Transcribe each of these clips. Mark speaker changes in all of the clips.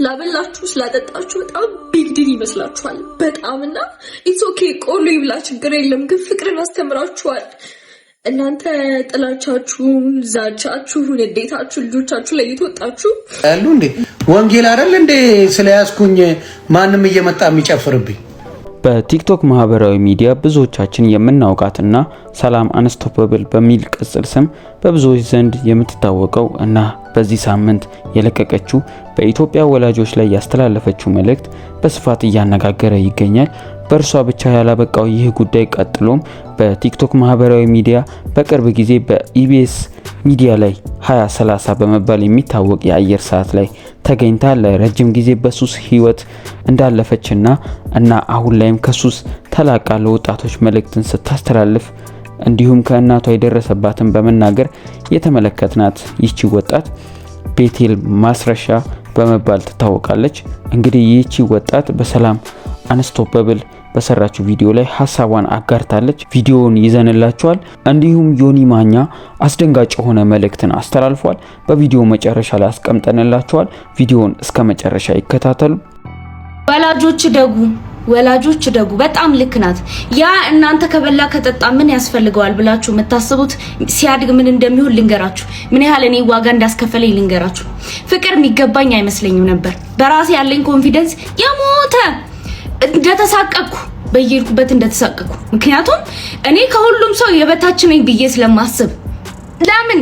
Speaker 1: ስላበላችሁ ስላጠጣችሁ በጣም ቢግ ዲል ይመስላችኋል። በጣም እና ኢትስ ኦኬ ቆሎ ይብላ ችግር የለም ግን ፍቅርን አስተምራችኋል። እናንተ ጥላቻችሁም፣ ዛቻችሁን፣ ንዴታችሁ ልጆቻችሁ ላይ እየተወጣችሁ
Speaker 2: ያሉ እንዴ ወንጌል አይደል እንዴ ስለያዝኩኝ ማንም እየመጣ የሚጨፍርብኝ
Speaker 3: በቲክቶክ ማህበራዊ ሚዲያ ብዙዎቻችን የምናውቃትና ሰላም አንስቶፐብል በሚል ቅጽል ስም በብዙዎች ዘንድ የምትታወቀው እና በዚህ ሳምንት የለቀቀችው በኢትዮጵያ ወላጆች ላይ ያስተላለፈችው መልእክት በስፋት እያነጋገረ ይገኛል። በእርሷ ብቻ ያላበቃው ይህ ጉዳይ ቀጥሎም በቲክቶክ ማህበራዊ ሚዲያ በቅርብ ጊዜ በኢቢኤስ ሚዲያ ላይ 2030 በመባል የሚታወቅ የአየር ሰዓት ላይ ተገኝታ ለረጅም ጊዜ በሱስ ህይወት እንዳለፈችና እና አሁን ላይም ከሱስ ተላቃ ለወጣቶች መልእክትን ስታስተላልፍ እንዲሁም ከእናቷ የደረሰባትን በመናገር የተመለከትናት ይቺ ወጣት ቤቴል ማስረሻ በመባል ትታወቃለች። እንግዲህ ይቺ ወጣት በሰላም አንስቶበብል በሰራችው ቪዲዮ ላይ ሀሳቧን አጋርታለች። ቪዲዮውን ይዘንላችኋል። እንዲሁም ዮኒ ማኛ አስደንጋጭ የሆነ መልእክትን አስተላልፏል። በቪዲዮ መጨረሻ ላይ አስቀምጠንላችኋል። ቪዲዮውን እስከ መጨረሻ ይከታተሉ።
Speaker 1: ወላጆች ደጉ ወላጆች ደጉ በጣም ልክ ናት። ያ እናንተ ከበላ ከጠጣ ምን ያስፈልገዋል ብላችሁ የምታስቡት ሲያድግ ምን እንደሚሆን ልንገራችሁ። ምን ያህል እኔ ዋጋ እንዳስከፈለኝ ልንገራችሁ። ፍቅር የሚገባኝ አይመስለኝም ነበር። በራሴ ያለኝ ኮንፊደንስ የሞተ እንደተሳቀቅኩ በየሄድኩበት እንደተሳቀቅኩ። ምክንያቱም እኔ ከሁሉም ሰው የበታች ነኝ ብዬ ስለማስብ ለምን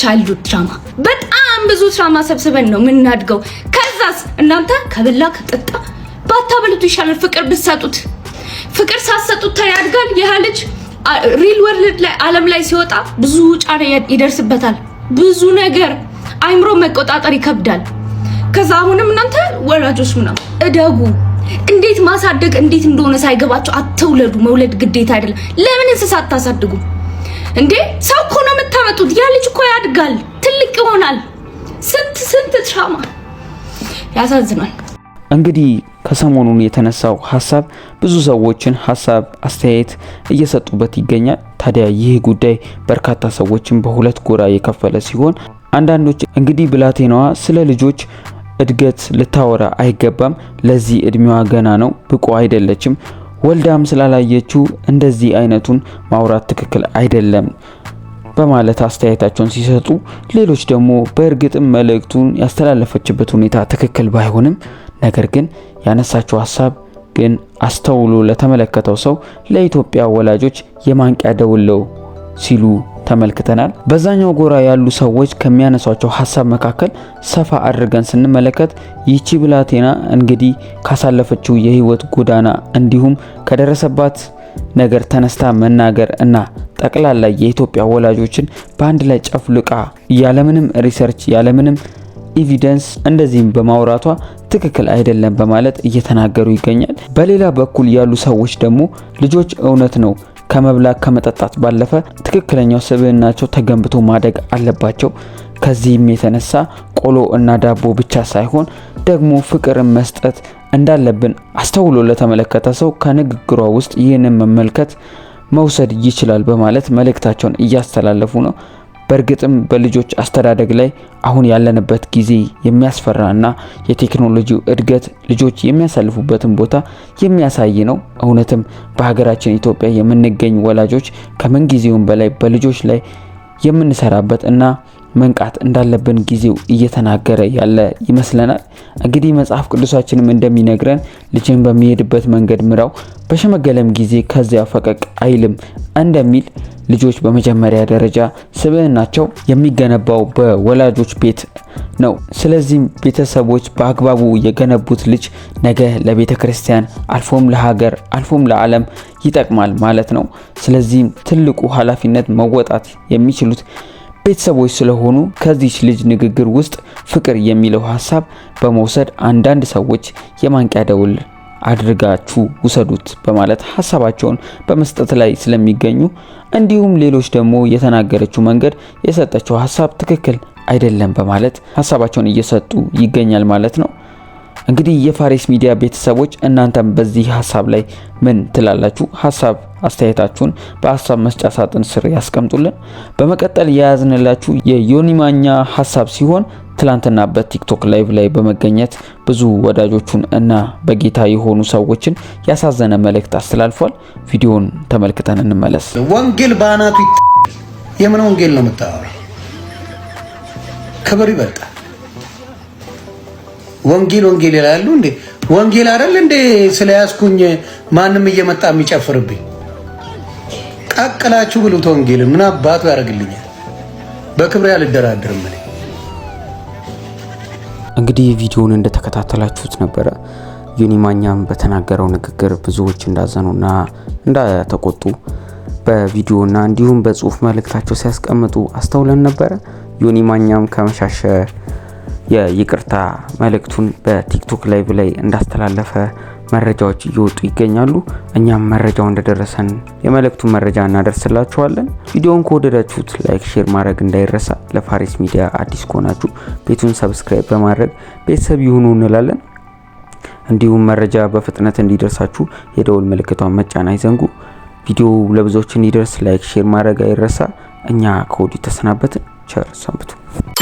Speaker 1: ቻይልዱድ ድራማ በጣም ብዙ ድራማ ሰብስበን ነው የምናድገው። ከዛስ እናንተ ከበላ ከጠጣ ባታበሉት ይሻላል፣ ፍቅር ብትሰጡት። ፍቅር ሳትሰጡት ተያድጋል። ይህ ልጅ ሪል ወርልድ ላይ ዓለም ላይ ሲወጣ ብዙ ጫና ይደርስበታል። ብዙ ነገር አይምሮ መቆጣጠር ይከብዳል። ከዛ አሁንም እናንተ ወላጆች ምናምን እደጉ። እንዴት ማሳደግ እንዴት እንደሆነ ሳይገባቸው አትውለዱ። መውለድ ግዴታ አይደለም። ለምን እንስሳ አታሳድጉ እንዴ? ሰው እኮ ነው የምታመጡት። ያ ልጅ እኮ ያድጋል፣ ትልቅ ይሆናል። ስንት ስንት ትራማ ያሳዝናል።
Speaker 3: እንግዲህ ከሰሞኑን የተነሳው ሀሳብ ብዙ ሰዎችን ሀሳብ አስተያየት እየሰጡበት ይገኛል። ታዲያ ይህ ጉዳይ በርካታ ሰዎችን በሁለት ጎራ የከፈለ ሲሆን አንዳንዶች እንግዲህ ብላቴናዋ ስለ ልጆች እድገት ልታወራ አይገባም። ለዚህ እድሜዋ ገና ነው፣ ብቁ አይደለችም። ወልዳም ስላላየችው እንደዚህ አይነቱን ማውራት ትክክል አይደለም በማለት አስተያየታቸውን ሲሰጡ፣ ሌሎች ደግሞ በእርግጥም መልእክቱን ያስተላለፈችበት ሁኔታ ትክክል ባይሆንም ነገር ግን ያነሳችው ሀሳብ ግን አስተውሎ ለተመለከተው ሰው ለኢትዮጵያ ወላጆች የማንቂያ ደውለው ሲሉ ተመልክተናል። በዛኛው ጎራ ያሉ ሰዎች ከሚያነሷቸው ሀሳብ መካከል ሰፋ አድርገን ስንመለከት ይቺ ብላቴና እንግዲህ ካሳለፈችው የህይወት ጎዳና እንዲሁም ከደረሰባት ነገር ተነስታ መናገር እና ጠቅላላ የኢትዮጵያ ወላጆችን በአንድ ላይ ጨፍልቃ ያለምንም ሪሰርች ያለምንም ኤቪደንስ እንደዚህም በማውራቷ ትክክል አይደለም በማለት እየተናገሩ ይገኛል። በሌላ በኩል ያሉ ሰዎች ደግሞ ልጆች እውነት ነው ከመብላት ከመጠጣት ባለፈ ትክክለኛው ስብዕናቸው ተገንብቶ ማደግ አለባቸው። ከዚህም የተነሳ ቆሎ እና ዳቦ ብቻ ሳይሆን ደግሞ ፍቅርን መስጠት እንዳለብን አስተውሎ ለተመለከተ ሰው ከንግግሯ ውስጥ ይህንን መመልከት መውሰድ ይችላል በማለት መልእክታቸውን እያስተላለፉ ነው። በእርግጥም በልጆች አስተዳደግ ላይ አሁን ያለንበት ጊዜ የሚያስፈራ እና የቴክኖሎጂው እድገት ልጆች የሚያሳልፉበትን ቦታ የሚያሳይ ነው። እውነትም በሀገራችን ኢትዮጵያ የምንገኝ ወላጆች ከምንጊዜውም በላይ በልጆች ላይ የምንሰራበት እና መንቃት እንዳለብን ጊዜው እየተናገረ ያለ ይመስለናል። እንግዲህ መጽሐፍ ቅዱሳችንም እንደሚነግረን ልጅን በሚሄድበት መንገድ ምራው፣ በሸመገለም ጊዜ ከዚያ ፈቀቅ አይልም እንደሚል ልጆች በመጀመሪያ ደረጃ ስብዕናቸው የሚገነባው በወላጆች ቤት ነው። ስለዚህም ቤተሰቦች በአግባቡ የገነቡት ልጅ ነገ ለቤተ ክርስቲያን አልፎም ለሀገር አልፎም ለዓለም ይጠቅማል ማለት ነው። ስለዚህም ትልቁ ኃላፊነት መወጣት የሚችሉት ቤተሰቦች ስለሆኑ ከዚች ልጅ ንግግር ውስጥ ፍቅር የሚለው ሀሳብ በመውሰድ አንዳንድ ሰዎች የማንቂያ ደውል አድርጋችሁ ውሰዱት በማለት ሀሳባቸውን በመስጠት ላይ ስለሚገኙ እንዲሁም ሌሎች ደግሞ የተናገረችው መንገድ የሰጠችው ሀሳብ ትክክል አይደለም በማለት ሀሳባቸውን እየሰጡ ይገኛል ማለት ነው። እንግዲህ የፋሪስ ሚዲያ ቤተሰቦች እናንተም በዚህ ሀሳብ ላይ ምን ትላላችሁ? ሀሳብ አስተያየታችሁን በሀሳብ መስጫ ሳጥን ስር ያስቀምጡልን። በመቀጠል የያዝንላችሁ የዮኒ ማኛ ሀሳብ ሲሆን ትላንትና በቲክቶክ ላይቭ ላይ በመገኘት ብዙ ወዳጆቹን እና በጌታ የሆኑ ሰዎችን ያሳዘነ መልእክት አስተላልፏል። ቪዲዮን ተመልክተን እንመለስ።
Speaker 2: ወንጌል በአናቱ የምን ወንጌል ነው የምታወራው? ክብር ይበልጣል ወንጌል ወንጌል ይላሉ እንዴ? ወንጌል አይደል እንዴ? ስለያዝኩኝ ማንም እየመጣ የሚጨፍርብኝ ቀቅላችሁ ብሉት። ወንጌል ምን አባቱ ያደርግልኛል? በክብሬ አልደራደርም። እኔ
Speaker 3: እንግዲህ ቪዲዮውን እንደተከታተላችሁት ነበረ። ዮኒ ማኛም በተናገረው ንግግር ብዙዎች እንዳዘኑና እንዳተቆጡ በቪዲዮና እንዲሁም በጽሁፍ መልእክታቸው ሲያስቀምጡ አስተውለን ነበረ። ዮኒ ማኛም ከመሻሸ የይቅርታ መልእክቱን በቲክቶክ ላይቭ ላይ እንዳስተላለፈ መረጃዎች እየወጡ ይገኛሉ። እኛም መረጃው እንደደረሰን የመልእክቱን መረጃ እናደርስላችኋለን። ቪዲዮውን ከወደዳችሁት ላይክ፣ ሼር ማድረግ እንዳይረሳ። ለፋሪስ ሚዲያ አዲስ ከሆናችሁ ቤቱን ሰብስክራይብ በማድረግ ቤተሰብ ይሁኑ እንላለን። እንዲሁም መረጃ በፍጥነት እንዲደርሳችሁ የደውል ምልክቷን መጫን አይዘንጉ። ቪዲዮ ለብዙዎች እንዲደርስ ላይክ፣ ሼር ማድረግ አይረሳ። እኛ ከወዲሁ ተሰናበትን። ቸር ሰንብቱ።